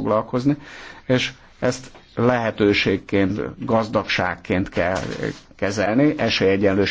foglalkozni, és ezt lehetőségként, gazdagságként kell kezelni, esélyegyenlőség